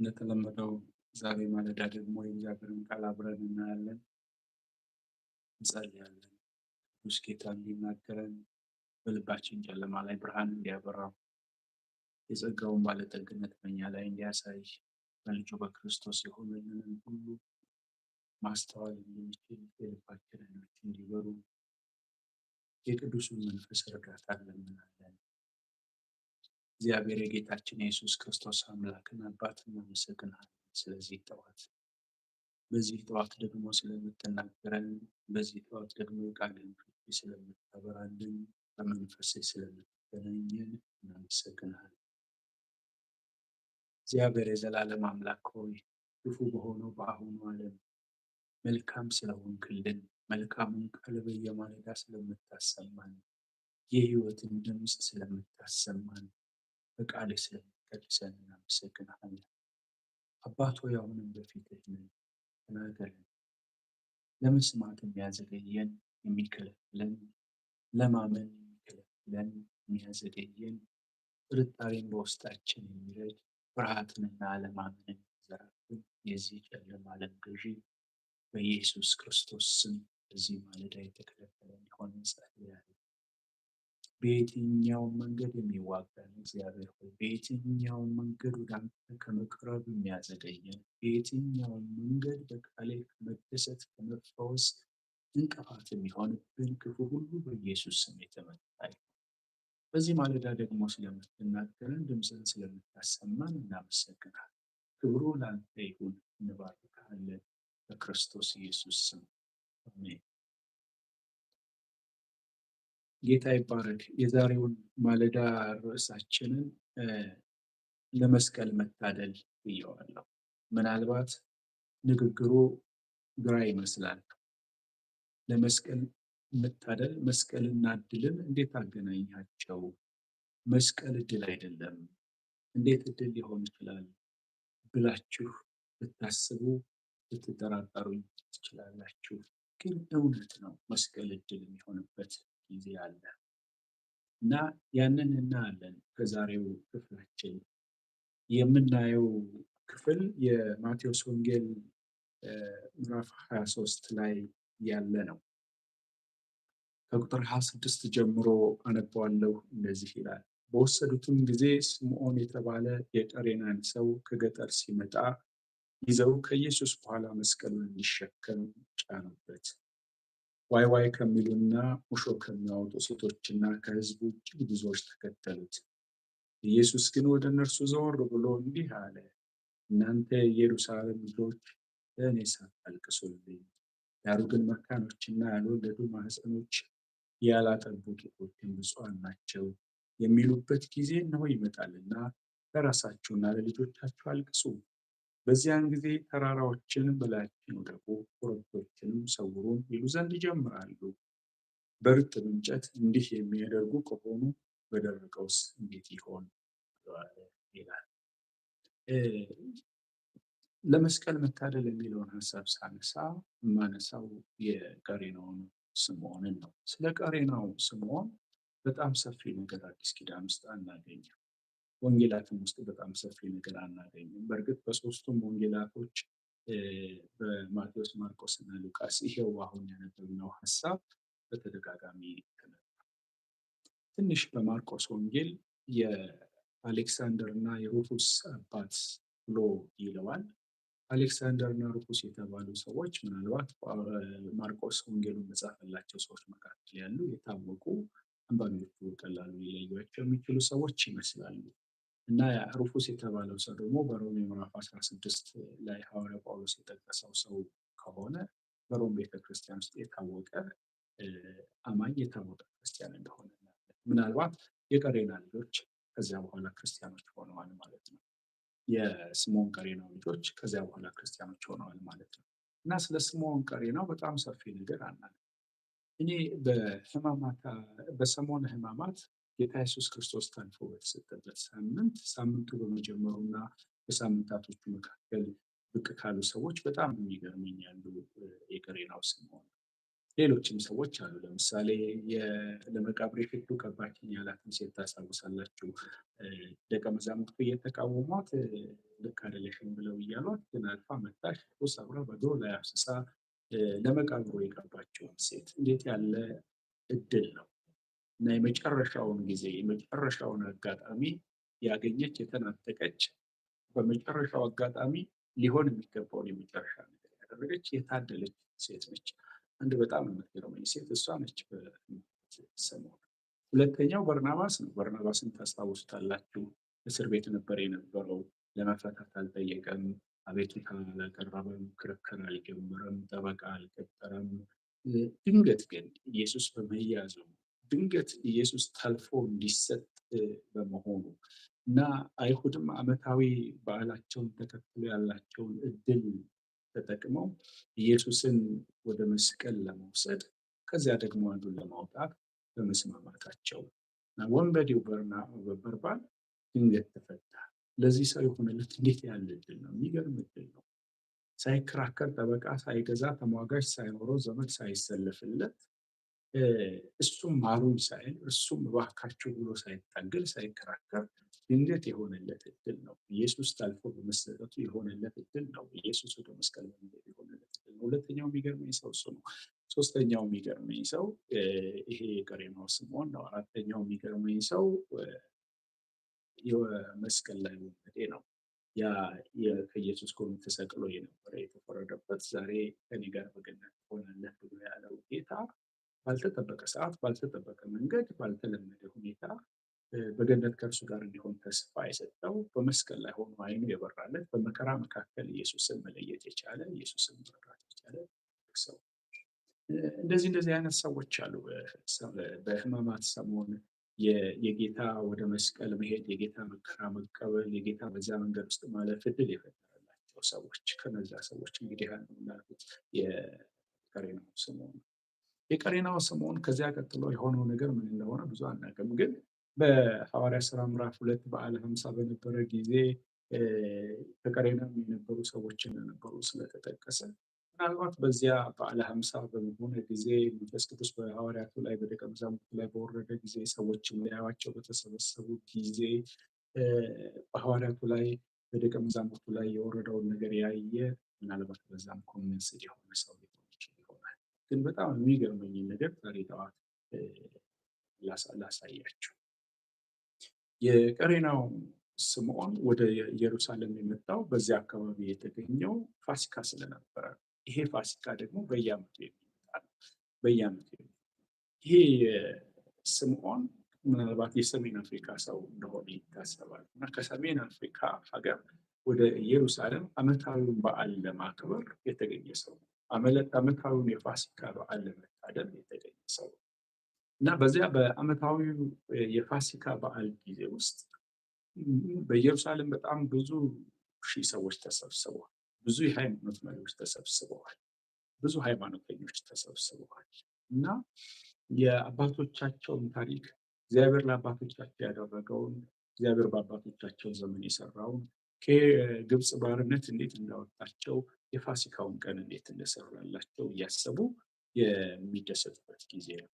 እንደተለመደው ዛሬ ማለዳ ደግሞ የእግዚአብሔርን ቃል አብረን እናያለን፣ እንጸልያለን። ቅዱስ ጌታ እንዲናገረን በልባችን ጨለማ ላይ ብርሃን እንዲያበራው የጸጋውን ባለጠግነት በኛ ላይ እንዲያሳይ በልጁ በክርስቶስ የሆነልንን ሁሉ ማስተዋል እንድንችል የልባችን ዓይኖች እንዲበሩ የቅዱሱን መንፈስ እርዳታ እንለምናለን። እግዚአብሔር የጌታችን የኢየሱስ ክርስቶስ አምላክን አባት እናመሰግናለን። ስለዚህ ጠዋት በዚህ ጠዋት ደግሞ ስለምትናገረን፣ በዚህ ጠዋት ደግሞ የቃልን ፍቺ ስለምታበራልን፣ በመንፈስ ስለምትገናኘን እናመሰግናለን። እግዚአብሔር የዘላለም አምላክ ሆይ ክፉ በሆነው በአሁኑ ዓለም መልካም ስለሆንክልን፣ መልካሙን ቃል በየማለዳ ስለምታሰማን፣ የህይወትን ድምፅ ስለምታሰማን በቃል ስለሚገልጸን እናመሰግናለን። አባቶ አሁንም በፊትህ ነን፣ ተናገረን። ለመስማት የሚያዘገየን የሚከለክለን፣ ለማመን የሚከለክለን የሚያዘገየን፣ ጥርጣሬን በውስጣችን የሚረድ ፍርሃትንና አለማመንን የሚዘራብን የዚህ ጨለማ ዓለም ገዢ በኢየሱስ ክርስቶስ ስም በዚህ ማለዳ የተከለከለ እንዲሆን እንጸልያለን። በየትኛውም መንገድ የሚዋጋን እግዚአብሔር ሆይ፣ በየትኛውም መንገድ ወደ አንተ ከመቅረብ የሚያዘገየን፣ በየትኛውም መንገድ በቃሌ ከመደሰት ከመፈወስ እንቅፋት የሚሆንብን ክፉ ሁሉ በኢየሱስ ስም የተመታ በዚህ ማለዳ ደግሞ ስለምትናገረን፣ ድምፅን ስለምታሰማን እናመሰግናል። ክብሩ ለአንተ ይሁን፣ እንባርካለን። በክርስቶስ ኢየሱስ ስም አሜን። ጌታ ይባረክ። የዛሬውን ማለዳ ርዕሳችንን ለመስቀል መታደል ብየዋለሁ። ምናልባት ንግግሩ ግራ ይመስላል። ለመስቀል መታደል፣ መስቀልና እድልን እንዴት አገናኛቸው? መስቀል እድል አይደለም፣ እንዴት እድል ሊሆን ይችላል ብላችሁ ብታስቡ ልትጠራጠሩ ትችላላችሁ። ግን እውነት ነው መስቀል እድል የሚሆንበት ጊዜ አለ እና ያንን እናያለን። ከዛሬው ክፍላችን የምናየው ክፍል የማቴዎስ ወንጌል ምዕራፍ 23 ላይ ያለ ነው። ከቁጥር 26 ጀምሮ አነባዋለሁ። እንደዚህ ይላል። በወሰዱትም ጊዜ ስምዖን የተባለ የቀሬናን ሰው ከገጠር ሲመጣ ይዘው ከኢየሱስ በኋላ መስቀሉን እንዲሸከም ጫኑበት። ዋይ ዋይ ከሚሉና ሙሾ ከሚያወጡ ሴቶችና ከህዝቡ ውጭ ብዙዎች ተከተሉት። ኢየሱስ ግን ወደ እነርሱ ዘወር ብሎ እንዲህ አለ፣ እናንተ የኢየሩሳሌም ልጆች ለእኔ አልቅሱልኝ፣ ዳሩ ግን መካኖችና ያልወለዱ ማህፀኖች ያላጠቡ ጡቶችን ብፁዓን ናቸው የሚሉበት ጊዜ እነሆ ይመጣልና ለራሳችሁና ለልጆቻችሁ አልቅሱ። በዚያን ጊዜ ተራራዎችን በላያችን ውደቁ፣ ኮረብቶችንም ሰውሩን ይሉ ዘንድ ይጀምራሉ። በርጥብ እንጨት እንዲህ የሚያደርጉ ከሆኑ በደረቀውስ እንዴት ይሆን ይላል። ለመስቀል መታደል የሚለውን ሀሳብ ሳነሳ የማነሳው የቀሬናውን ስምዖንን ነው። ስለ ቀሬናው ስምዖን በጣም ሰፊ ነገር አዲስ ኪዳን ውስጥ አናገኘም። ወንጌላትም ውስጥ በጣም ሰፊ ነገር አናገኝም። በእርግጥ በሶስቱም ወንጌላቶች በማቴዎስ፣ ማርቆስ እና ሉቃስ ይሄው አሁን ያነበብነው ሀሳብ በተደጋጋሚ ተነግሯል። ትንሽ በማርቆስ ወንጌል የአሌክሳንደር እና የሩፉስ አባት ብሎ ይለዋል። አሌክሳንደር እና ሩፉስ የተባሉ ሰዎች ምናልባት ማርቆስ ወንጌሉን መጻፈላቸው ሰዎች መካከል ያሉ የታወቁ አንባቢዎቹ ቀላሉ ሊለዩቸው የሚችሉ ሰዎች ይመስላሉ። እና ሩፉስ የተባለው ሰው ደግሞ በሮሜ ምዕራፍ 16 ላይ ሐዋርያ ጳውሎስ የጠቀሰው ሰው ከሆነ በሮም ቤተክርስቲያን ውስጥ የታወቀ አማኝ የታወቀ ክርስቲያን እንደሆነ ምናልባት የቀሬና ልጆች ከዚያ በኋላ ክርስቲያኖች ሆነዋል ማለት ነው። የስምዖን ቀሬናው ልጆች ከዚያ በኋላ ክርስቲያኖች ሆነዋል ማለት ነው። እና ስለ ስምዖን ቀሬናው በጣም ሰፊ ነገር አናለ እኔ በህማማት በሰሞነ ህማማት ጌታ ኢየሱስ ክርስቶስ ተልፎ በተሰጠበት ሳምንት ሳምንቱ በመጀመሩና በሳምንታቶቹ መካከል ብቅ ካሉ ሰዎች በጣም የሚገርመኝ ያሉ የቀሬናው ስምዖን፣ ሌሎችም ሰዎች አሉ። ለምሳሌ ለመቃብር ፊቱ ቀባችን ያላትን ሴት ታስታውሳላችሁ? ደቀ መዛሙርቱ እየተቃወሟት ልክ አይደለሽም ብለው እያሏት፣ ግን አልፋ መታሽ ቁስ በዶ ላይ አፍስሳ ለመቃብሩ የቀባቸውን ሴት እንዴት ያለ እድል ነው! እና የመጨረሻውን ጊዜ የመጨረሻውን አጋጣሚ ያገኘች የተናጠቀች በመጨረሻው አጋጣሚ ሊሆን የሚገባውን የመጨረሻ ነገር ያደረገች የታደለች ሴት ነች። አንድ በጣም የምትገርመኝ ሴት እሷ ነች። ሰሞኑ ሁለተኛው በርናባስ ነው። በርናባስን ታስታውሱታላችሁ። እስር ቤት ነበር የነበረው። ለመፈታት አልጠየቀም፣ አቤቱታ አላቀረበም፣ ክርክር አልጀመረም፣ ጠበቃ አልቀጠረም። ድንገት ግን ኢየሱስ በመያዙ ድንገት ኢየሱስ ተልፎ እንዲሰጥ በመሆኑ እና አይሁድም ዓመታዊ በዓላቸውን ተከትሎ ያላቸውን እድል ተጠቅመው ኢየሱስን ወደ መስቀል ለመውሰድ ከዚያ ደግሞ አንዱን ለማውጣት በመስማማታቸው ወንበዴው በርባን ድንገት ተፈታ። ለዚህ ሰው የሆነለት እንዴት ያለ እድል ነው! የሚገርም እድል ነው። ሳይከራከር ጠበቃ ሳይገዛ ተሟጋች ሳይኖረው ዘመድ ሳይሰለፍለት። እሱም ማሩን ሳይል እሱም እባካችሁ ብሎ ሳይታገል ሳይከራከር እንዴት የሆነለት እድል ነው። ኢየሱስ ታልፎ በመሰጠቱ የሆነለት እድል ነው። ኢየሱስ ወደ መስቀል በመሄድ የሆነለት እድል ነው። ሁለተኛው የሚገርመኝ ሰው እሱ ነው። ሶስተኛው የሚገርመኝ ሰው ይሄ የቀሬናው ስምዖን ነው። አራተኛው የሚገርመኝ ሰው የመስቀል ላይ ወንበዴ ነው። ያ ከኢየሱስ ጎን ተሰቅሎ የነበረ የተፈረደበት ዛሬ ከኔ ጋር በገነት ሆነለት ብሎ ያለው ጌታ ባልተጠበቀ ሰዓት፣ ባልተጠበቀ መንገድ፣ ባልተለመደ ሁኔታ በገነት ከእርሱ ጋር እንዲሆን ተስፋ የሰጠው በመስቀል ላይ ሆኖ ዓይኑ የበራለት በመከራ መካከል ኢየሱስን መለየት የቻለ ኢየሱስን መረዳት የቻለ ሰው እንደዚህ እንደዚህ አይነት ሰዎች አሉ። በሕማማት ሰሞን የጌታ ወደ መስቀል መሄድ፣ የጌታ መከራ መቀበል፣ የጌታ በዛ መንገድ ውስጥ ማለፍ እድል የፈጠረላቸው ሰዎች ከነዚያ ሰዎች እንግዲህ አንዱ እንዳልኩት የቀሬናው ስምዖን የቀሬናው ስምዖን ከዚያ ቀጥሎ የሆነው ነገር ምን እንደሆነ ብዙ አናውቅም። ግን በሐዋርያ ስራ ምዕራፍ ሁለት በዓለ ሃምሳ በነበረ ጊዜ ከቀሬናም የነበሩ ሰዎች እንደነበሩ ስለተጠቀሰ ምናልባት በዚያ በዓለ ሃምሳ በሆነ ጊዜ መንፈስ ቅዱስ በሐዋርያቱ ላይ በደቀ መዛሙርቱ ላይ በወረደ ጊዜ ሰዎች ሊያዩዋቸው በተሰበሰቡ ጊዜ በሐዋርያቱ ላይ በደቀ መዛሙርቱ ላይ የወረደውን ነገር ያየ ምናልባት በዛም ኮንቪንስድ የሆነ ሰው ግን በጣም የሚገርመኝ ነገር ዛሬ ጠዋት የቀሬናው ስምዖን ወደ ኢየሩሳሌም የመጣው በዚያ አካባቢ የተገኘው ፋሲካ ስለነበረ ይሄ ፋሲካ ደግሞ በየዓመቱ የሚመጣ ነው። ይሄ ስምዖን ምናልባት የሰሜን አፍሪካ ሰው እንደሆነ ይታሰባል እና ከሰሜን አፍሪካ ሀገር ወደ ኢየሩሳሌም አመታዊውን በዓል ለማክበር የተገኘ ሰው ነው። ዓመታዊውን የፋሲካ በዓል ለመታደም የተገኘ ሰው እና በዚያ በዓመታዊው የፋሲካ በዓል ጊዜ ውስጥ በኢየሩሳሌም በጣም ብዙ ሺህ ሰዎች ተሰብስበዋል። ብዙ የሃይማኖት መሪዎች ተሰብስበዋል። ብዙ ሃይማኖተኞች ተሰብስበዋል እና የአባቶቻቸውን ታሪክ እግዚአብሔር ለአባቶቻቸው ያደረገውን እግዚአብሔር በአባቶቻቸው ዘመን የሰራውን ከግብፅ ባርነት እንዴት እንዳወጣቸው የፋሲካውን ቀን እንዴት እንደሰራላቸው እያሰቡ የሚደሰቱበት ጊዜ ነው።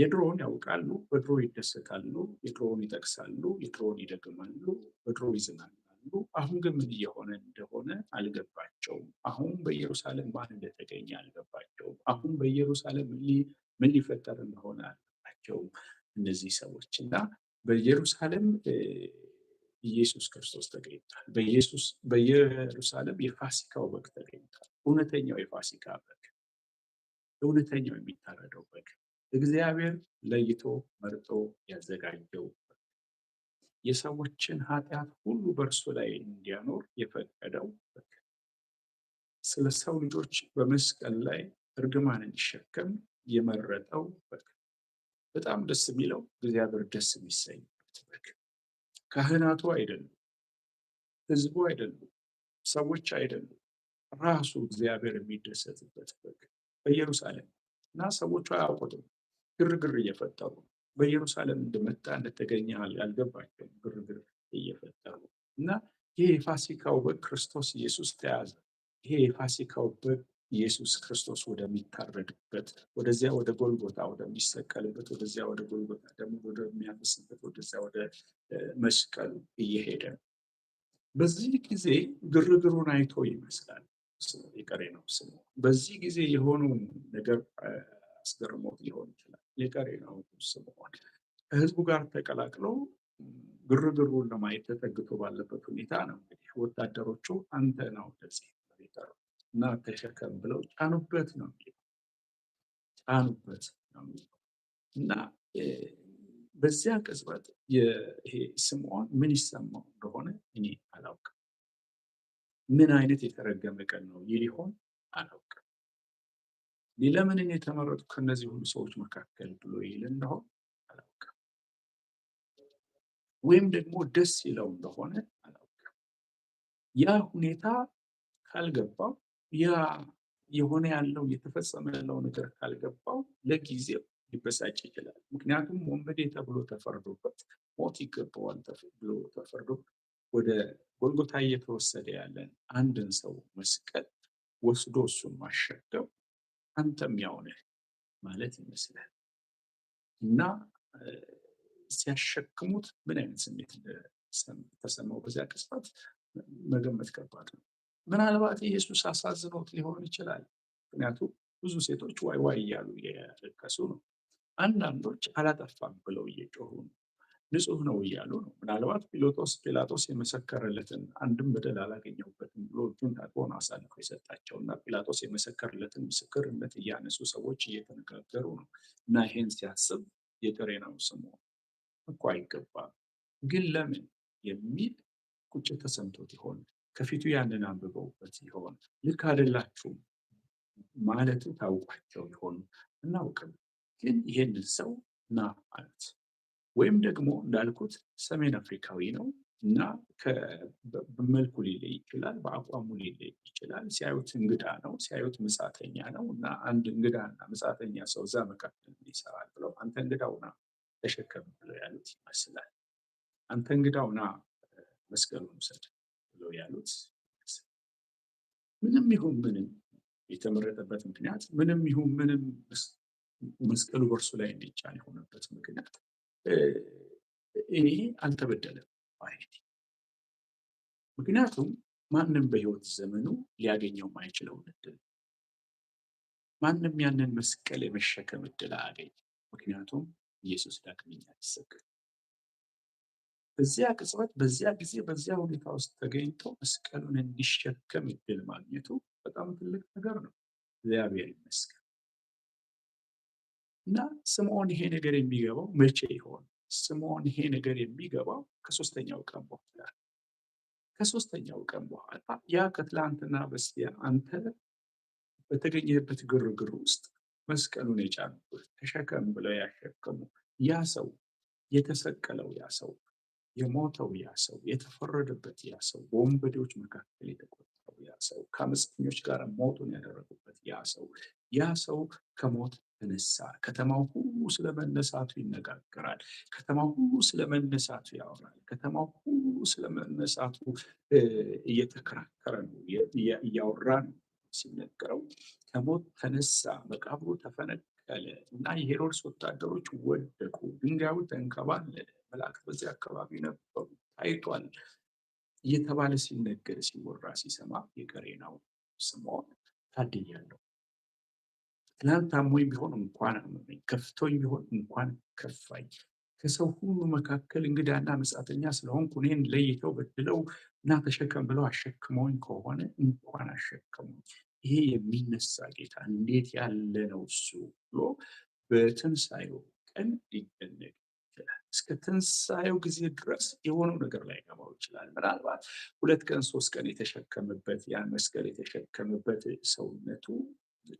የድሮውን ያውቃሉ፣ በድሮ ይደሰታሉ፣ የድሮውን ይጠቅሳሉ፣ የድሮውን ይደግማሉ፣ በድሮ ይዝናናሉ። አሁን ግን ምን እየሆነ እንደሆነ አልገባቸውም። አሁን በኢየሩሳሌም ማን እንደተገኘ አልገባቸውም። አሁን በኢየሩሳሌም ምን ሊፈጠር እንደሆነ አልገባቸውም እነዚህ ሰዎች እና በኢየሩሳሌም ኢየሱስ ክርስቶስ ተገኝቷል። በኢየሱስ በኢየሩሳሌም የፋሲካው በግ ተገኝቷል። እውነተኛው የፋሲካ በግ፣ እውነተኛው የሚታረደው በግ፣ እግዚአብሔር ለይቶ መርጦ ያዘጋጀው የሰዎችን ኃጢአት ሁሉ በእርሱ ላይ እንዲያኖር የፈቀደው በግ ስለ ሰው ልጆች በመስቀል ላይ እርግማን እንዲሸከም የመረጠው በግ በጣም ደስ የሚለው እግዚአብሔር ደስ የሚሰኝበት በግ ካህናቱ አይደሉም፣ ህዝቡ አይደሉም፣ ሰዎች አይደሉም። ራሱ እግዚአብሔር የሚደሰትበት በግ በኢየሩሳሌም እና ሰዎቹ አያውቁትም። ግርግር እየፈጠሩ በኢየሩሳሌም እንደመጣ እንደተገኘ ያልገባቸው ግርግር እየፈጠሩ እና ይህ የፋሲካው በግ ክርስቶስ ኢየሱስ ተያዘ። ይሄ የፋሲካው በግ ኢየሱስ ክርስቶስ ወደሚታረድበት ወደዚያ ወደ ጎልጎታ ወደሚሰቀልበት ወደዚያ ወደ ጎልጎታ ደግሞ ወደሚያፈስበት ወደዚያ ወደ መስቀሉ እየሄደ ነው። በዚህ ጊዜ ግርግሩን አይቶ ይመስላል የቀሬ ነው ስሙ። በዚህ ጊዜ የሆነውን ነገር አስገርሞት ሊሆን ይችላል። የቀሬ ነው ስምዖን ከህዝቡ ጋር ተቀላቅለው ግርግሩን ለማየት ተጠግቶ ባለበት ሁኔታ ነው እንግዲህ ወታደሮቹ አንተ ነው ደዚህ እና ተሸከም ብለው ጫኑበት ነው ጫኑበት ነው እና በዚያ ቅጽበት ይሄ ስምዖን ምን ይሰማው እንደሆነ እኔ አላውቅ ምን አይነት የተረገመ ቀን ነው ይህ ሊሆን አላውቅም። ለምን እኔ የተመረጡ ከነዚህ ሁሉ ሰዎች መካከል ብሎ ይል እንደሆን አላውቅ ወይም ደግሞ ደስ ይለው እንደሆነ አላውቅ ያ ሁኔታ ካልገባው ያ የሆነ ያለው እየተፈጸመ ያለው ነገር ካልገባው ለጊዜው ሊበሳጭ ይችላል። ምክንያቱም ወንበዴ ተብሎ ተፈርዶበት ሞት ይገባዋል ብሎ ተፈርዶ ወደ ጎልጎታ እየተወሰደ ያለን አንድን ሰው መስቀል ወስዶ እሱን ማሸገው አንተም ያውነህ ማለት ይመስላል እና ሲያሸክሙት ምን አይነት ስሜት ተሰማው በዚያ ቅጽበት መገመት ከባድ ነው። ምናልባት ኢየሱስ አሳዝኖት ሊሆን ይችላል። ምክንያቱም ብዙ ሴቶች ዋይ ዋይ እያሉ እየለቀሱ ነው። አንዳንዶች አላጠፋም ብለው እየጮሁ ነው። ንጹህ ነው እያሉ ነው። ምናልባት ጲላጦስ ጲላጦስ የመሰከረለትን አንድም በደል አላገኘሁበትም ብሎ እጁን ታጥቦን አሳልፎ የሰጣቸው እና ጲላጦስ የመሰከረለትን ምስክርነት እያነሱ ሰዎች እየተነጋገሩ ነው እና ይሄን ሲያስብ የቀሬናው ስሙ እኮ አይገባም ግን ለምን የሚል ቁጭት ተሰምቶት ይሆን? ከፊቱ ያንን አንብበውበት ይሆን ልክ አይደላችሁም ማለቱ ታውቋቸው ይሆን እናውቅም። ግን ይሄንን ሰው ና ማለት ወይም ደግሞ እንዳልኩት ሰሜን አፍሪካዊ ነው እና በመልኩ ሊለይ ይችላል፣ በአቋሙ ሊለይ ይችላል። ሲያዩት እንግዳ ነው፣ ሲያዩት መጻተኛ ነው እና አንድ እንግዳና መጻተኛ ሰው እዛ መካከል ይሰራል ብለው አንተ እንግዳውና ተሸከም ብለው ያሉት ይመስላል። አንተ እንግዳውና መስቀሉን ውሰድ ነው ያሉት። ምንም ይሁን ምንም የተመረጠበት ምክንያት ምንም ይሁን ምንም መስቀሉ በእርሱ ላይ እንዲጫን የሆነበት ምክንያት ይሄ አልተበደለም ማለት ምክንያቱም ማንም በህይወት ዘመኑ ሊያገኘው ማይችለውን እድል ማንም ያንን መስቀል የመሸከም እድል አገኝ ምክንያቱም ኢየሱስ ዳግመኛ ሊሰቀል በዚያ ቅጽበት በዚያ ጊዜ በዚያ ሁኔታ ውስጥ ተገኝቶ መስቀሉን እንዲሸከም እድል ማግኘቱ በጣም ትልቅ ነገር ነው። እግዚአብሔር ይመስገን እና ስምዖን ይሄ ነገር የሚገባው መቼ ይሆን? ስምዖን ይሄ ነገር የሚገባው ከሶስተኛው ቀን በኋላ ከሶስተኛው ቀን በኋላ ያ ከትላንትና በስቲያ አንተ በተገኘበት ግርግር ውስጥ መስቀሉን የጫኑበት ተሸከም ብለው ያሸከሙ ያ ሰው የተሰቀለው ያ ሰው የሞተው ያ ሰው የተፈረደበት ያ ሰው በወንበዴዎች መካከል የተቆጠረው ያ ሰው ከአመፀኞች ጋር ሞቱን ያደረጉበት ያ ሰው ያ ሰው ከሞት ተነሳ። ከተማው ሁሉ ስለመነሳቱ ይነጋገራል። ከተማው ሁሉ ስለመነሳቱ ያወራል። ከተማው ሁሉ ስለመነሳቱ እየተከራከረ ነው፣ እያወራ ነው። ሲነገረው ከሞት ተነሳ፣ መቃብሩ ተፈነቀለ እና የሄሮድስ ወታደሮች ወደቁ፣ ድንጋዩ ተንከባለለ። መላእክት በዚህ አካባቢ ነበሩ ታይቷል እየተባለ ሲነገር ሲወራ ሲሰማ የቀሬናው ስምዖን ታድያለሁ። ትናንት አሞኝ ቢሆን እንኳን አመመኝ፣ ከፍቶኝ ቢሆን እንኳን ከፋኝ። ከሰው ሁሉ መካከል እንግዳና መጻተኛ ስለሆንኩ እኔን ለይተው በድለው እና ተሸከም ብለው አሸክመውኝ ከሆነ እንኳን አሸከሙኝ። ይሄ የሚነሳ ጌታ እንዴት ያለ ነው እሱ ብሎ በትንሣኤው ቀን ሊደነቅ እስከ ትንሳኤው ጊዜ ድረስ የሆነው ነገር ላይ ገባው ይችላል። ምናልባት ሁለት ቀን ሶስት ቀን የተሸከመበት ያን መስቀል የተሸከመበት ሰውነቱ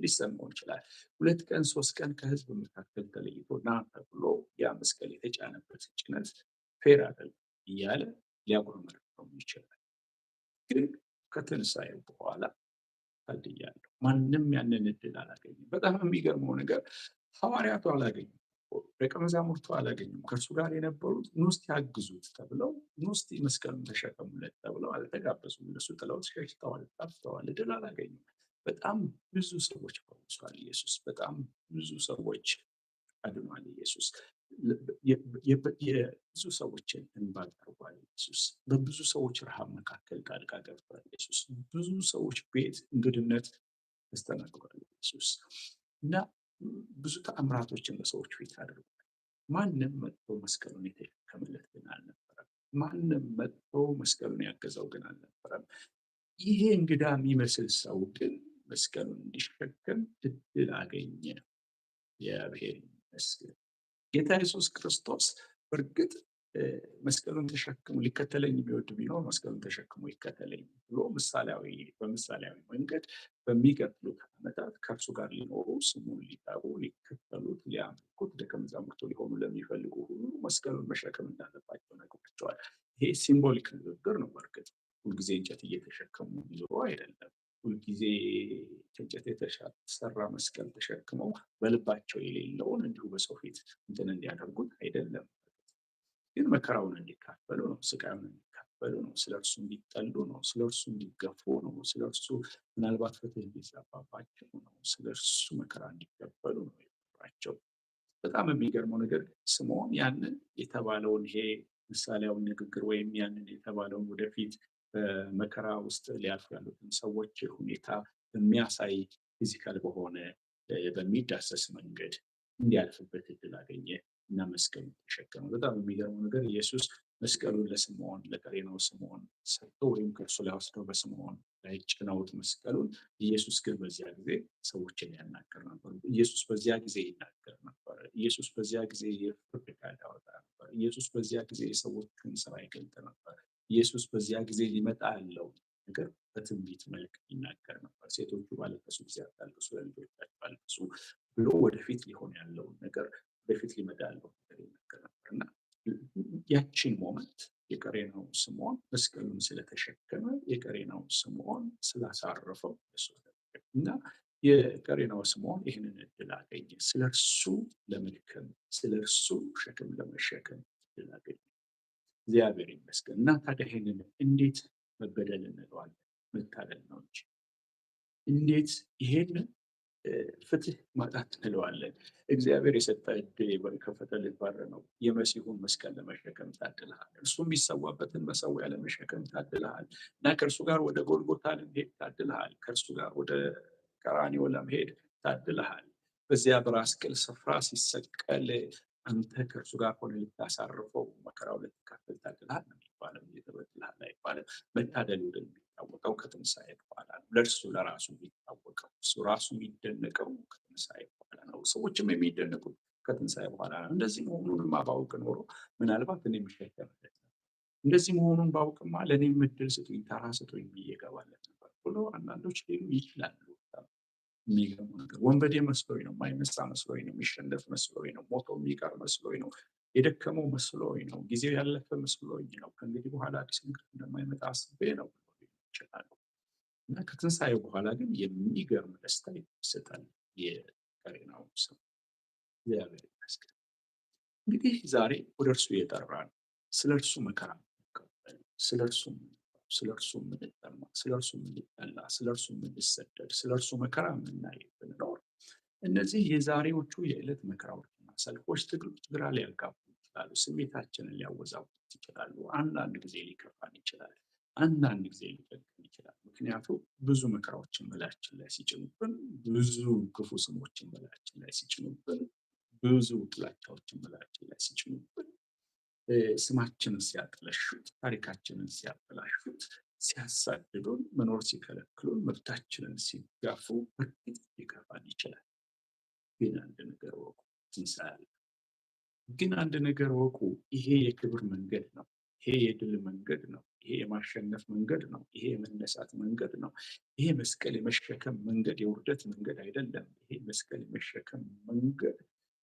ሊሰማው ይችላል። ሁለት ቀን ሶስት ቀን ከህዝብ መካከል ተለይቶ ና ተብሎ ያ መስቀል የተጫነበት ጭነት ፌር አይደለም እያለ ሊያጉረመርመው ይችላል። ግን ከትንሳኤው በኋላ ታድያለሁ። ማንም ያንን እድል አላገኝም በጣም የሚገርመው ነገር ሐዋርያቱ አላገኙም። ደቀ መዛሙርቱ አላገኙም። ከእርሱ ጋር የነበሩት ኑ ያግዙት ተብለው ኑ መስቀሉ መስቀሉን ተሸከሙለት ተብለው አልተጋበዙም። እነሱ ጥለውት ሸሽተዋል፣ ጠፍተዋል፣ ድል አላገኙም። በጣም ብዙ ሰዎች ፈውሷል ኢየሱስ። በጣም ብዙ ሰዎች አድኗል ኢየሱስ። የብዙ ሰዎችን እንባ ጠርጓል ኢየሱስ። በብዙ ሰዎች ረሃብ መካከል ጣልቃ ገብቷል ኢየሱስ። ብዙ ሰዎች ቤት እንግድነት ተስተናግዷል ኢየሱስ እና ብዙ ተአምራቶችን በሰዎች ፊት አድርጓል። ማንም መጥቶ መስቀሉን የተሸከመለት ግን አልነበረም። ማንም መጥቶ መስቀሉን ያገዘው ግን አልነበረም። ይሄ እንግዳ የሚመስል ሰው ግን መስቀሉን እንዲሸከም እድል አገኘ። የብሔር ይመስገን ጌታ ኢየሱስ ክርስቶስ በእርግጥ መስቀሉን ተሸክሞ ሊከተለኝ የሚወድ ቢኖር መስቀሉን ተሸክሞ ይከተለኝ ብሎ ምሳሌያዊ በምሳሌያዊ መንገድ በሚቀጥሉት ዓመታት ከእርሱ ጋር ሊኖሩ ስሙን ሊጠሩ ሊከተሉት ሊያመልኩት ደቀ መዛሙርቱ ሊሆኑ ለሚፈልጉ ሁሉ መስቀሉን መሸከም እንዳለባቸው ነግሯቸዋል። ይሄ ሲምቦሊክ ንግግር ነው። በእርግጥ ሁልጊዜ እንጨት እየተሸከሙ ሊዞሩ አይደለም። ሁልጊዜ ከእንጨት የተሰራ መስቀል ተሸክመው በልባቸው የሌለውን እንዲሁ በሰው ፊት እንትን እንዲያደርጉት አይደለም። ግን መከራውን እንዲካፈሉ ነው። ስቃዩን እንዲካፈሉ ነው። ስለ እርሱ እንዲጠሉ ነው። ስለ እርሱ እንዲገፉ ነው። ስለ እርሱ ምናልባት ፍትህ እንዲዛባባቸው ነው። ስለ እርሱ መከራ እንዲቀበሉ ነው የሚኖራቸው። በጣም የሚገርመው ነገር ስምዖን ያንን የተባለውን ይሄ ምሳሌያዊ ንግግር ወይም ያንን የተባለውን ወደፊት በመከራ ውስጥ ሊያልፉ ያሉትን ሰዎች ሁኔታ በሚያሳይ ፊዚካል በሆነ በሚዳሰስ መንገድ እንዲያልፍበት እድል አገኘ። እና መስቀሉን ተሸከመ። በጣም የሚገርመው ነገር ኢየሱስ መስቀሉን ለስምዖን ለቀሬናው ስምዖን ሰጥቶ ወይም ከእርሱ ላይ ወስደው በስምዖን ላይ ጭነውት መስቀሉን፣ ኢየሱስ ግን በዚያ ጊዜ ሰዎችን ያናገር ነበር። ኢየሱስ በዚያ ጊዜ ይናገር ነበር። ኢየሱስ በዚያ ጊዜ የፍርድ ቃል ያወጣ ነበር። ኢየሱስ በዚያ ጊዜ የሰዎችን ስራ ይገልጥ ነበር። ኢየሱስ በዚያ ጊዜ ሊመጣ ያለው ነገር በትንቢት መልክ ይናገር ነበር። ሴቶቹ ባለቀሱ ጊዜ አታልቅሱ፣ ለልጆቻችሁ አልቅሱ ብሎ ወደፊት ሊሆን ያለውን ነገር በፊት ሊመዳ ያለው ነገር ነበርና ያችን ሞመንት የቀሬናው ስምዖን መስቀሉን ስለተሸከመ የቀሬናው ስምዖን ስላሳረፈው እና የቀሬናው ስምዖን ይህንን እድል አገኘ። ስለ እርሱ ለመድከም፣ ስለ እርሱ ሸክም ለመሸከም እድል አገኘ። እግዚአብሔር ይመስገን እና ታዲያ ይህንን እንዴት መበደል እንለዋለን? መታደል ነው እንጂ እንዴት ይሄንን ፍትህ ማጣት እንለዋለን። እግዚአብሔር የሰጠ እድል የከፈተልህ ልባረ ነው። የመሲሁን መስቀል ለመሸከም ታድልሃል። እርሱ የሚሰዋበትን መሰዊያ ለመሸከም ታድልሃል እና ከእርሱ ጋር ወደ ጎልጎታ ለመሄድ ታድልሃል። ከእርሱ ጋር ወደ ቀራኒዮ ለመሄድ ታድልሃል። በዚያ በራስ ቅል ስፍራ ሲሰቀል አንተ ከእርሱ ጋር ሆነ ልታሳርፈው መከራው ልትካፈል ታድልሃል ነው የሚባለው። እየተበድልሃል አይባልም። መታደል ወደሚ የሚታወቀው ከትንሣኤ በኋላ ነው። ለእርሱ ለራሱ የሚታወቀው እሱ ራሱ የሚደነቀው ከትንሣኤ በኋላ ነው። ሰዎችም የሚደነቁት ከትንሣኤ በኋላ ነው። እንደዚህ መሆኑንማ ባውቅ ኖሮ ምናልባት እኔ የሚሻገር እንደዚህ መሆኑን ባውቅማ ለእኔ ምድል ስጡኝ፣ ተራ ስጡኝ እየገባለት እገባለት ነበር ብሎ አንዳንዶች ሊሉ ይችላሉ። የሚገርሙ ነገር ወንበዴ መስሎኝ ነው፣ ማይነሳ መስሎኝ ነው፣ የሚሸነፍ መስሎኝ ነው፣ ሞቶ የሚቀር መስሎኝ ነው፣ የደከመው መስሎኝ ነው፣ ጊዜው ያለፈ መስሎኝ ነው፣ ከእንግዲህ በኋላ አዲስ ምክር እንደማይመጣ አስቤ ነው ይችላሉ። እና ከትንሣኤ በኋላ ግን የሚገርም ደስታ ይሰጣል። የቀሬናው ስም እግዚአብሔር ይመስገን። እንግዲህ ዛሬ ወደ እርሱ የጠራን ስለ እርሱ መከራ ምንቀበል ስለ እርሱ ስለ እርሱ ምንጠማ፣ ስለ እርሱ ምንጠላ፣ ስለ እርሱ ምንሰደድ፣ ስለ እርሱ መከራ የምናይ ብንኖር እነዚህ የዛሬዎቹ የዕለት መከራዎችና ሰልፎች ትግራ ሊያጋቡ ይችላሉ። ስሜታችንን ሊያወዛቡት ይችላሉ። አንዳንድ ጊዜ ሊከፋን ይችላል። አንዳንድ ጊዜ ሊጠቅም ይችላል። ምክንያቱ ብዙ መከራዎችን በላያችን ላይ ሲጭኑብን፣ ብዙ ክፉ ስሞችን በላያችን ላይ ሲጭኑብን፣ ብዙ ጥላቻዎችን በላያችን ላይ ሲጭኑብን፣ ስማችንን ሲያጠለሹት፣ ታሪካችንን ሲያበላሹት፣ ሲያሳድዱን፣ መኖር ሲከለክሉን፣ መብታችንን ሲጋፉ በእርግጥ ሊከፋን ይችላል። ግን አንድ ነገር ወቁ፣ ትንሣኤ ግን አንድ ነገር ወቁ። ይሄ የክብር መንገድ ነው። ይሄ የድል መንገድ ነው። ይሄ የማሸነፍ መንገድ ነው። ይሄ የመነሳት መንገድ ነው። ይሄ መስቀል የመሸከም መንገድ የውርደት መንገድ አይደለም። ይሄ መስቀል የመሸከም መንገድ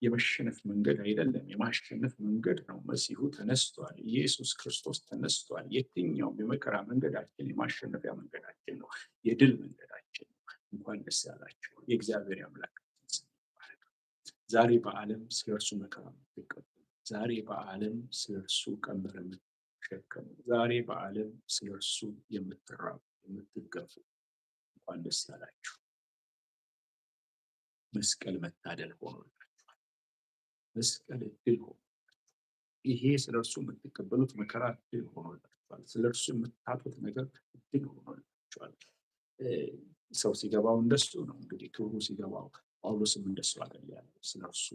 የመሸነፍ መንገድ አይደለም፣ የማሸነፍ መንገድ ነው። መሲሁ ተነስቷል። ኢየሱስ ክርስቶስ ተነስቷል። የትኛውም የመከራ መንገዳችን የማሸነፊያ መንገዳችን ነው፣ የድል መንገዳችን ነው። እንኳን ደስ ያላችሁ። የእግዚአብሔር አምላክ ዛሬ በዓለም ስለ እርሱ መከራ የምትቀበሉ፣ ዛሬ በዓለም ስለ እርሱ ቀንበር ዛሬ በዓለም ስለ እርሱ የምትራቡ የምትገፉ እንኳን ደስ አላችሁ። መስቀል መታደል ሆኖላችኋል። መስቀል እድል ሆኖ ይሄ ስለ እርሱ የምትቀበሉት መከራ እድል ሆኖላችኋል። ስለ እርሱ የምታጡት ነገር እድል ሆኖላችኋል። ሰው ሲገባው እንደሱ ነው እንግዲህ ክብሩ ሲገባው፣ ጳውሎስም እንደሱ አገል ያለው ስለ እርሱ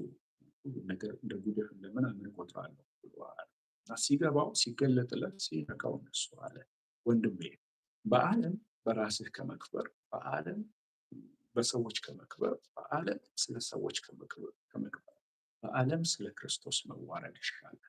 ሁሉ ነገር እንደ ጉድፍ እንደምናምን እቆጥራለሁ ብሏል። ሲገባው ሲገለጥለት ሲነካው እነሱ አለ ወንድሜ፣ በዓለም በራስህ ከመክበር በዓለም በሰዎች ከመክበር በዓለም ስለ ሰዎች ከመክበር በዓለም ስለ ክርስቶስ መዋረድ ይሻላል።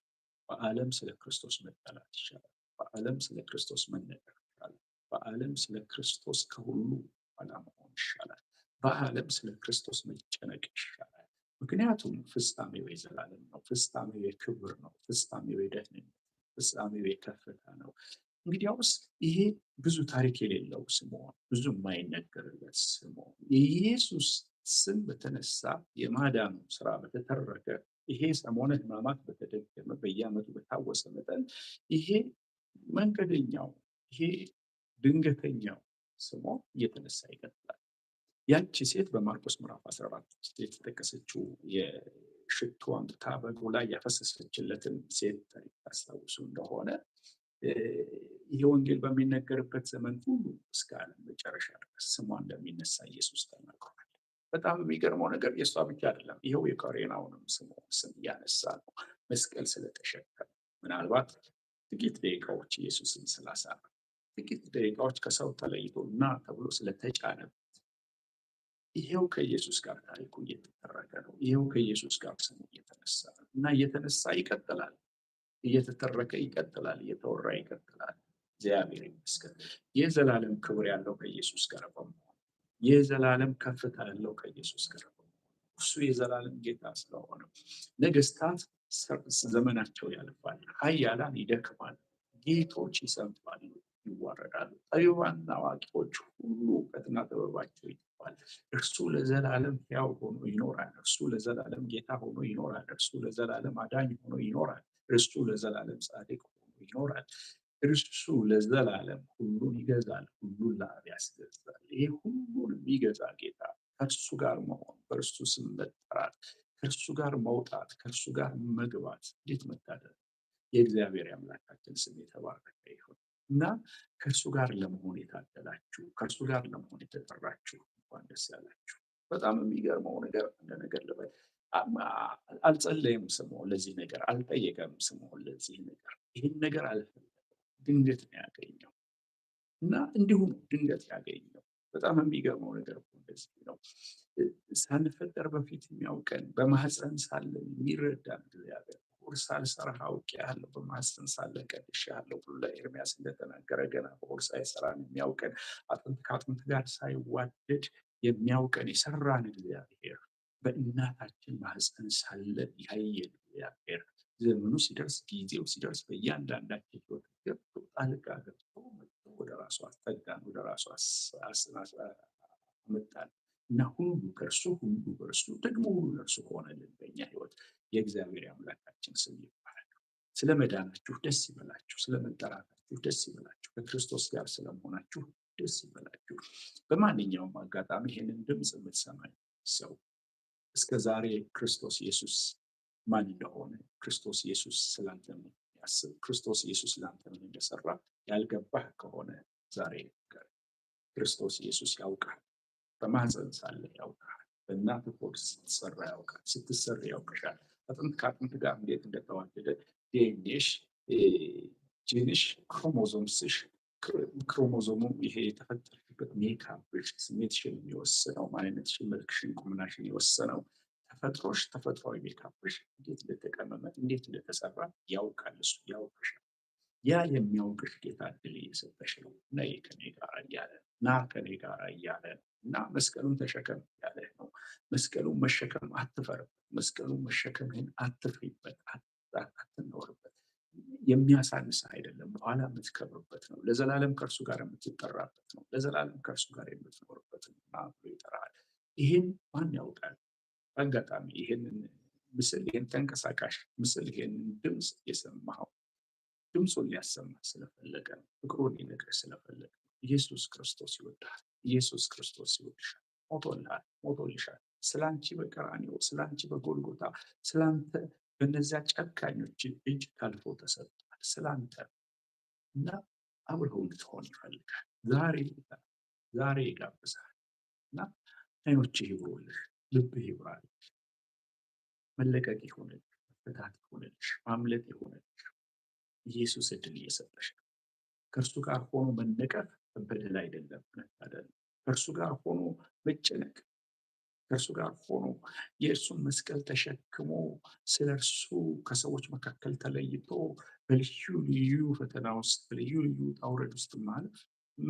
በዓለም ስለ ክርስቶስ መጠላት ይሻላል። በዓለም ስለ ክርስቶስ መነቀር ይሻላል። በዓለም ስለ ክርስቶስ ከሁሉ ኋላ መሆን ይሻላል። በዓለም ስለ ክርስቶስ መጨነቅ ይሻላል። ምክንያቱም ፍጻሜው የዘላለም ነው። ፍጻሜው የክብር ነው። ፍጻሜው የደህንነት ፍጻሜው የከፍታ ነው። እንግዲያውስ ይሄ ብዙ ታሪክ የሌለው ስምዖን፣ ብዙ የማይነገርለት ስምዖን የኢየሱስ ስም በተነሳ የማዳኑ ስራ በተተረከ ይሄ ሰሞነ ሕማማት በተደገመ በየዓመቱ በታወሰ መጠን ይሄ መንገደኛው ይሄ ድንገተኛው ስምዖን እየተነሳ ይቀጥላል። ያቺ ሴት በማርቆስ ምዕራፍ 14 ውስጥ የተጠቀሰችው የሽቱ አምጥታ በጎ ላይ ያፈሰሰችለትን ሴት ታሪክ ታስታውሱ እንደሆነ ይህ ወንጌል በሚነገርበት ዘመን ሁሉ እስከ ዓለም መጨረሻ ድረስ ስሟ እንደሚነሳ ኢየሱስ ተናግሯል። በጣም የሚገርመው ነገር የእሷ ብቻ አይደለም። ይኸው የቀሬናውንም ስምዖን ስም እያነሳ ነው መስቀል ስለተሸከመ ምናልባት ጥቂት ደቂቃዎች ኢየሱስን ስላሳ ጥቂት ደቂቃዎች ከሰው ተለይቶ እና ተብሎ ስለተጫነ ይሄው ከኢየሱስ ጋር ታሪኩ እየተተረከ ነው። ይሄው ከኢየሱስ ጋር ስሙ እየተነሳ ነው እና እየተነሳ ይቀጥላል፣ እየተተረከ ይቀጥላል፣ እየተወራ ይቀጥላል። እግዚአብሔር ይመስገን። የዘላለም ክብር ያለው ከኢየሱስ ጋር በመሆን የዘላለም ከፍታ ያለው ከኢየሱስ ጋር በመሆን እሱ የዘላለም ጌታ ስለሆነ ነገስታት ዘመናቸው ያልፋል፣ ኃያላን ይደክማል፣ ጌቶች ይሰንፋሉ፣ ይዋረዳሉ። ጠቢባንና አዋቂዎች ሁሉ እውቀትና ጥበባቸው ተጽፏል። እርሱ ለዘላለም ሕያው ሆኖ ይኖራል። እርሱ ለዘላለም ጌታ ሆኖ ይኖራል። እርሱ ለዘላለም አዳኝ ሆኖ ይኖራል። እርሱ ለዘላለም ጻድቅ ሆኖ ይኖራል። እርሱ ለዘላለም ሁሉን ይገዛል፣ ሁሉን ለአብ ያስገዛል። ይህ ሁሉን የሚገዛ ጌታ ከእርሱ ጋር መሆን፣ በእርሱ ስም መጠራት፣ ከእርሱ ጋር መውጣት፣ ከእርሱ ጋር መግባት እንዴት መታደል! የእግዚአብሔር አምላካችን ስም የተባረከ ይሁን እና ከእርሱ ጋር ለመሆን የታደላችሁ ከእርሱ ጋር ለመሆን የተጠራችሁ እንኳን ደስ ያላችሁ። በጣም የሚገርመው ነገር አንድ ነገር ልበል። አልጸለይም ስምዖን ለዚህ ነገር፣ አልጠየቀም ስምዖን ለዚህ ነገር። ይህን ነገር አልፈለገም፣ ድንገት ነው ያገኘው እና እንዲሁም ድንገት ያገኘው። በጣም የሚገርመው ነገር እንደዚህ ነው። ሳንፈጠር በፊት የሚያውቀን በማህፀን ሳለን የሚረዳን እግዚአብሔር በኩል ሳልሰራ አውቄሃለሁ፣ በማኅፀን ሳለህ ቀድሼሃለሁ ብሎ ለኤርምያስ እንደተናገረ ገና በሆድ ሳይሰራን የሚያውቀን አጥንት ከአጥንት ጋር ሳይዋደድ የሚያውቀን የሰራን እግዚአብሔር በእናታችን ማኅፀን ሳለን ያየን እግዚአብሔር ዘመኑ ሲደርስ ጊዜው ሲደርስ በእያንዳንዳችን ሕይወት ገብቶ ጣልቃ ገብቶ ወደ ራሱ አስጠጋን፣ ወደ ራሱ አመጣን። እና ሁሉ ከእርሱ ሁሉ በእርሱ ደግሞ ሁሉ ለእርሱ ከሆነልን በኛ ህይወት የእግዚአብሔር አምላካችን ስም ይባላል። ስለ መዳናችሁ ደስ ይበላችሁ፣ ስለ መጠራታችሁ ደስ ይበላችሁ፣ ከክርስቶስ ጋር ስለመሆናችሁ ደስ ይበላችሁ። በማንኛውም አጋጣሚ ይህንን ድምፅ የምትሰማኝ ሰው እስከ ዛሬ ክርስቶስ ኢየሱስ ማን እንደሆነ፣ ክርስቶስ ኢየሱስ ስላንተ ምን ያስብ፣ ክርስቶስ ኢየሱስ ለአንተ ምን እንደሰራ ያልገባህ ከሆነ ዛሬ ነገር ክርስቶስ ኢየሱስ ያውቃል። በማህፀን ሳለ ያውቃል። በእናት ሆድ ስትሰራ ያውቃል፣ ስትሰር ያውቅሻል። አጥንት ከአጥንት ጋር እንዴት እንደተዋደደ ዲኤንኤሽ፣ ጂንሽ፣ ክሮሞዞምስሽ ክሮሞዞሙ ይሄ የተፈጠረበት ሜካፕሽ ስሜትሽን የሚወስነው ማንነትሽን፣ መልክሽን፣ ቁምናሽን የወሰነው ተፈጥሮሽ ተፈጥሯዊ ሜካፕሽ እንዴት እንደተቀመመ እንዴት እንደተሰራ ያውቃል። እሱ ያውቅሻል። ያ የሚያውቅሽ ጌታ እድል እየሰጠሽ ነው እና ከኔ ጋር እያለ ና ከኔ ጋር እያለ እና መስቀሉን ተሸከም ያለ ነው። መስቀሉን መሸከም አትፈርበት። መስቀሉን መሸከምህን አትፍሪበት፣ አትኖርበት። የሚያሳንስ አይደለም፣ በኋላ የምትከብርበት ነው። ለዘላለም ከእርሱ ጋር የምትጠራበት ነው። ለዘላለም ከእርሱ ጋር የምትኖርበት ነው ብሎ ይጠራል። ይህን ማን ያውቃል? አጋጣሚ ይህንን ምስል ይህን ተንቀሳቃሽ ምስል ይህንን ድምፅ የሰማኸው ድምፁን ሊያሰማ ስለፈለገ ነው። ፍቅሩን ሊነግርህ ስለፈለገ ነው። ኢየሱስ ክርስቶስ ይወዳል። ኢየሱስ ክርስቶስ ይወድሻል፣ ሞቶልሃል፣ ሞቶልሻል። ስላንቺ በቀራንዮ ስላንቺ በጎልጎታ ስላንተ በነዚያ ጨካኞች እጅ ታልፎ ተሰጥቷል። ስላንተ እና አብረው እንድትሆን ይፈልጋል። ዛሬ ዛሬ ይጋብዛል እና አይኖች ይብሩልሽ፣ ልብ ይብራልሽ፣ መለቀቅ ይሆንልሽ፣ መፈታት ይሆንልሽ፣ ማምለጥ ይሆንልሽ። ኢየሱስ እድል እየሰጠሽ ነው። ከእርሱ ጋር ሆኖ መነቀፍ በደል አይደለም መታደል ከእርሱ ጋር ሆኖ መጨነቅ ከእርሱ ጋር ሆኖ የእርሱን መስቀል ተሸክሞ ስለ እርሱ ከሰዎች መካከል ተለይቶ በልዩ ልዩ ፈተና ውስጥ በልዩ ልዩ ታውረድ ውስጥ ማለፍ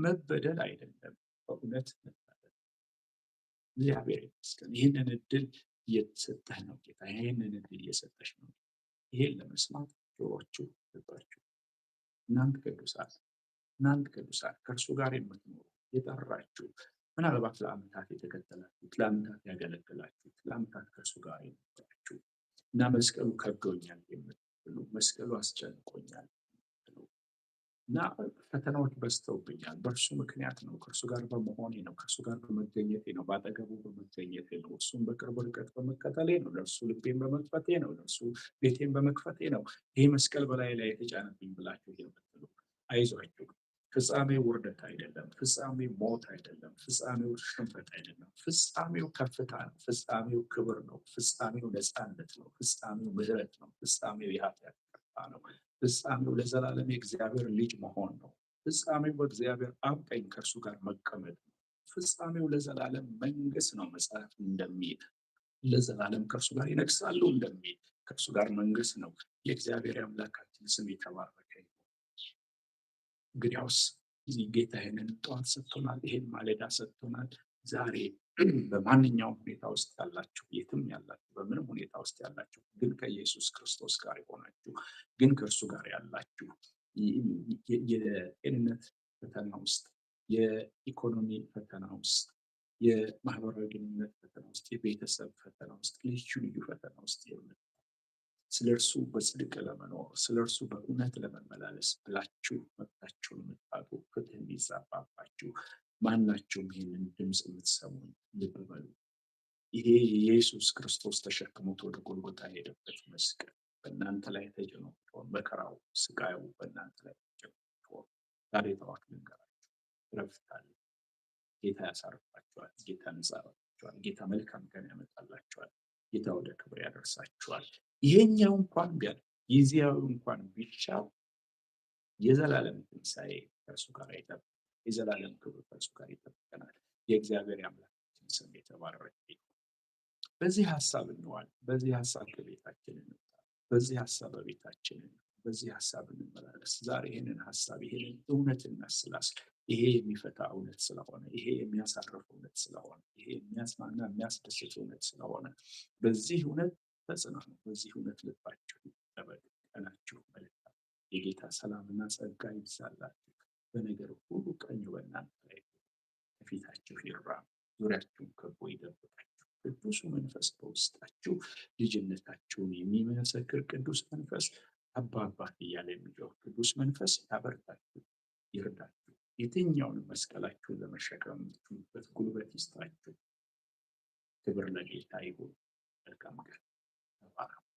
መበደል አይደለም፣ በእውነት መታደል። እግዚአብሔር ይመስገን። ይህንን እድል እየተሰጠህ ነው ጌታ፣ ይህንን እድል እየሰጠች ነው። ይሄን ለመስማት ጆሮችሁ ልባችሁ እናንተ ቅዱሳት እናንተ ቅዱሳን ከእርሱ ጋር የምትኖሩ የጠራችሁ ምናልባት ለአመታት የተከተላችሁት ለአመታት ያገለገላችሁት ለአመታት ከእርሱ ጋር የነበራችሁ እና መስቀሉ ከብዶኛል የምትሉ መስቀሉ አስጨንቆኛል የምትሉ እና ፈተናዎች በዝተውብኛል፣ በእርሱ ምክንያት ነው፣ ከእርሱ ጋር በመሆኔ ነው፣ ከእርሱ ጋር በመገኘቴ ነው፣ በአጠገቡ በመገኘቴ ነው፣ እርሱን በቅርብ ርቀት በመከተሌ ነው፣ ለእርሱ ልቤን በመክፈቴ ነው፣ ለእርሱ ቤቴን በመክፈቴ ነው፣ ይህ መስቀል በላይ ላይ የተጫነብኝ ብላችሁ የምትሉ አይዟችሁ ፍጻሜው ውርደት አይደለም። ፍጻሜው ሞት አይደለም። ፍጻሜው ሽንፈት አይደለም። ፍጻሜው ከፍታ ነው። ፍጻሜው ክብር ነው። ፍጻሜው ነፃነት ነው። ፍጻሜው ምሕረት ነው። ፍጻሜው የኃጢአት ቀጣ ነው። ፍጻሜው ለዘላለም የእግዚአብሔር ልጅ መሆን ነው። ፍጻሜው በእግዚአብሔር አብ ቀኝ ከእርሱ ጋር መቀመጥ ነው። ፍጻሜው ለዘላለም መንግስት ነው። መጽሐፍ እንደሚል ለዘላለም ከእርሱ ጋር ይነግሳሉ እንደሚል ከእርሱ ጋር መንግስት ነው። የእግዚአብሔር አምላካችን ስም የተባረከ እንግዲያውስ ጌታ ይህንን ጠዋት ሰጥቶናል፣ ይሄን ማለዳ ሰጥቶናል። ዛሬ በማንኛውም ሁኔታ ውስጥ ያላችሁ የትም ያላችሁ በምንም ሁኔታ ውስጥ ያላችሁ ግን ከኢየሱስ ክርስቶስ ጋር የሆናችሁ ግን ከእርሱ ጋር ያላችሁ የጤንነት ፈተና ውስጥ፣ የኢኮኖሚ ፈተና ውስጥ፣ የማህበራዊ ግንኙነት ፈተና ውስጥ፣ የቤተሰብ ፈተና ውስጥ፣ ልዩ ልዩ ፈተና ውስጥ የሆነ ስለ እርሱ በጽድቅ ለመኖር ስለ እርሱ በእውነት ለመመላለስ ብላችሁ መብታችሁን የምታጡ ፍትህ እንዲዛባባችሁ ማናቸውም ይህንን ድምፅ የምትሰሙን ልብ በሉ። ይሄ የኢየሱስ ክርስቶስ ተሸክሞት ወደ ጎልጎታ የሄደበት መስቀል በእናንተ ላይ ተጭኖ ቢሆን መከራው፣ ስቃዩ በእናንተ ላይ ተጭኖ ቢሆን ዛሬ ጠዋት ልንገራችሁ ረፍታል። ጌታ ያሳርፋችኋል። ጌታ ያንጻራችኋል። ጌታ መልካም ቀን ያመጣላችኋል። ጌታ ወደ ክብር ያደርሳችኋል። ይሄኛው እንኳን ቢያል ጊዜያዊ እንኳን ቢሻው የዘላለም ትንሣኤ ከእርሱ ጋር ይጠብ የዘላለም ክብር ከእርሱ ጋር ይጠብቀናል። የእግዚአብሔር አምላካችን ስም የተባረከ በዚህ ሀሳብ እንዋል። በዚህ ሀሳብ ከቤታችን እንውጣ። በዚህ ሀሳብ በቤታችን በዚህ ሀሳብ እንመላለስ። ዛሬ ይህንን ሀሳብ ይህንን እውነት እናስላስ። ይሄ የሚፈታ እውነት ስለሆነ፣ ይሄ የሚያሳርፍ እውነት ስለሆነ፣ ይሄ የሚያስማና የሚያስደስት እውነት ስለሆነ በዚህ እውነት ተጽናኑ። በዚህ እውነት ልባችሁ ይጠበቅ። ቀናችሁ መልካም። የጌታ ሰላምና ጸጋ ይብዛላችሁ። በነገር ሁሉ ቀኙ በእናንተ ላይ ከፊታችሁ ይራ፣ ዙሪያችሁን ከቦ ይደብቃል። ቅዱሱ መንፈስ በውስጣችሁ ልጅነታችሁን የሚመሰክር ቅዱስ መንፈስ አባ አባት እያለ የሚጮህ ቅዱስ መንፈስ ያበርታችሁ፣ ይርዳል። የትኛውን መስቀላችሁን ለመሸከም የምትችሉበት ጉልበት ይስጣችሁ። ክብር ለጌታ ይሁን። መልካም ቀን።